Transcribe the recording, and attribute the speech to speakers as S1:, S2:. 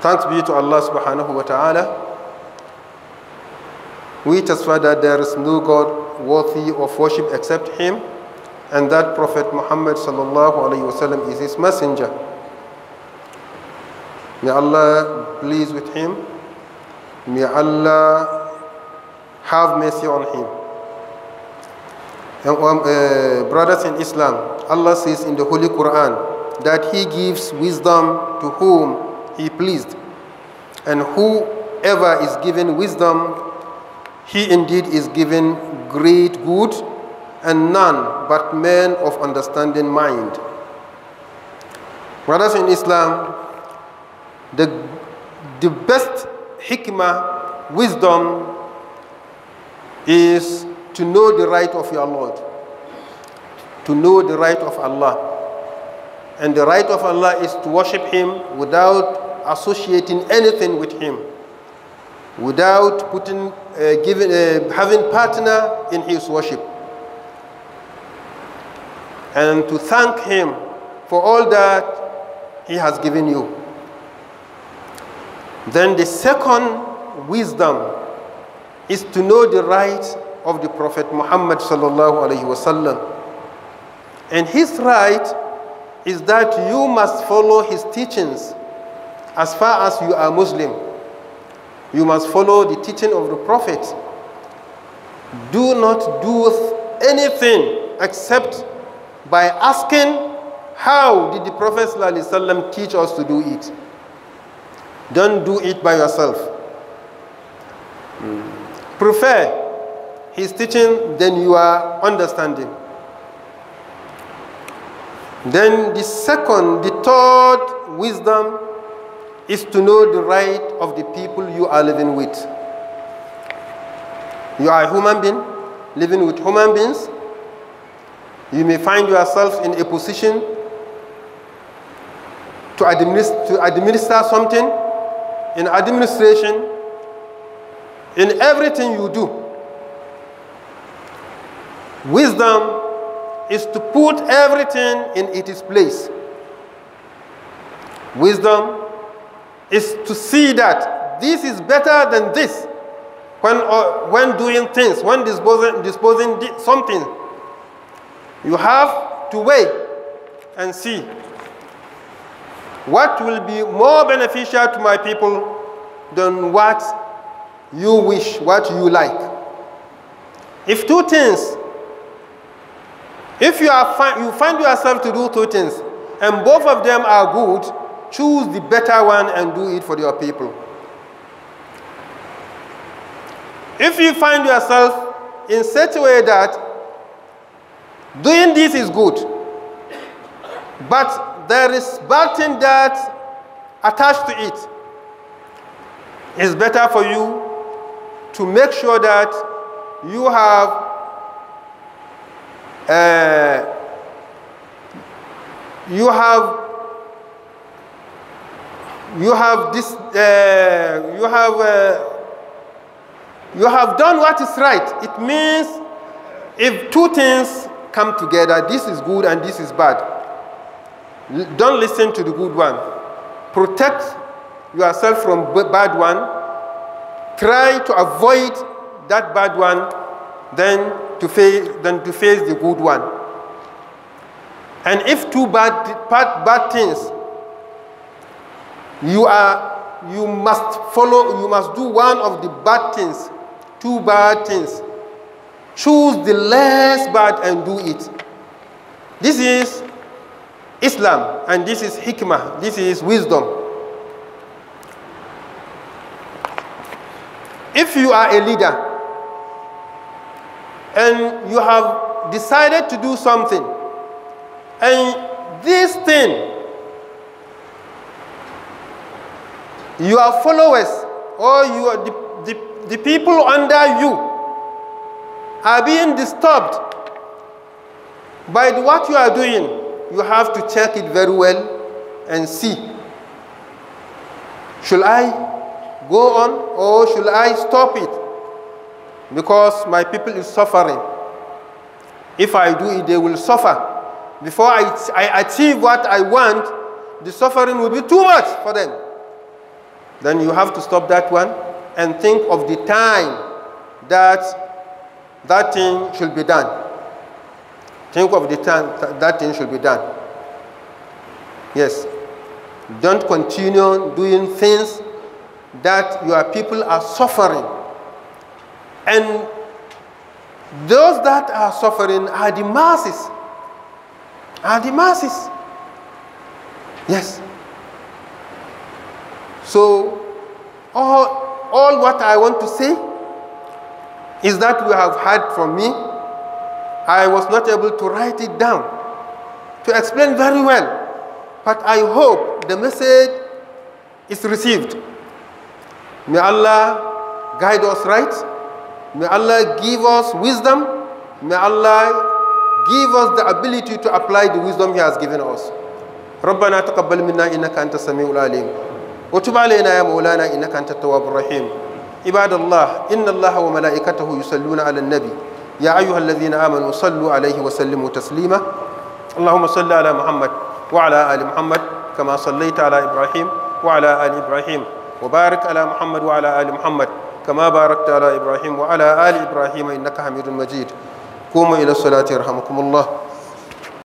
S1: Thanks be to Allah subhanahu wa ta'ala. We testify that there is no God worthy of worship except Him, and that Prophet Muhammad sallallahu alayhi wasallam is His messenger. May Allah please with him. May Allah have mercy on him. And, um, uh, brothers in Islam, Allah says in the Holy Quran that He gives wisdom to whom he pleased. And whoever is given wisdom, he indeed is given great good, and none but men of understanding mind. Brothers in Islam, the, the best hikmah, wisdom, is to know the right of your Lord, to know the right of Allah. And the right of Allah is to worship Him without associating anything with him, without putting, uh, giving, uh, having partner in his worship. And to thank him for all that he has given you. Then the second wisdom is to know the right of the Prophet Muhammad sallallahu alaihi wasallam. And his right is that you must follow his teachings as far as you are Muslim, you must follow the teaching of the Prophet. Do not do anything except by asking, How did the Prophet teach us to do it? Don't do it by yourself. Mm. Prefer his teaching than your understanding. Then the second, the third wisdom is to know the right of the people you are living with. You are a human being, living with human beings. You may find yourself in a position to administer, to administer something in administration, in everything you do. Wisdom is to put everything in its place. Wisdom is to see that this is better than this when, uh, when doing things, when disposing, disposing something. You have to weigh and see what will be more beneficial to my people than what you wish, what you like. If two things, if you, are fi you find yourself to do two things, and both of them are good, Choose the better one and do it for your people. If you find yourself in such a way that doing this is good, but there is bad thing that attached to it, it's better for you to make sure that you have uh, you have you have this, uh, you have, uh, you have done what is right. It means if two things come together, this is good and this is bad. Don't listen to the good one. Protect yourself from bad one. Try to avoid that bad one, then to face then to face the good one. And if two bad bad, bad things you are, you must follow, you must do one of the bad things, two bad things. Choose the less bad and do it. This is Islam and this is hikmah, this is wisdom. If you are a leader and you have decided to do something and this thing your followers or your, the, the, the people under you are being disturbed by what you are doing, you have to check it very well and see. Should I go on or should I stop it? Because my people is suffering. If I do it, they will suffer. Before I, I achieve what I want, the suffering will be too much for them then you have to stop that one and think of the time that that thing should be done. Think of the time th that thing should be done. Yes. Don't continue doing things that your people are suffering. And those that are suffering are the masses. Are the masses. Yes. So, all, all what I want to say is that you have heard from me. I was not able to write it down to explain very well. But I hope the message is received. May Allah guide us right. May Allah give us wisdom. May Allah give us the ability to apply the wisdom He has given us. ربنا تقبل منا إنك أنت السميع العليم وتب علينا يا مولانا إنك أنت التواب الرحيم عباد الله إن الله وملائكته يصلون على النبي يا أيها الذين آمنوا صلوا عليه وسلموا تسليما اللهم صل على محمد وعلى آل محمد كما صليت على إبراهيم وعلى آل إبراهيم وبارك على محمد وعلى آل محمد كما باركت على إبراهيم وعلى آل إبراهيم إنك حميد مجيد قوموا إلى الصلاة يرحمكم الله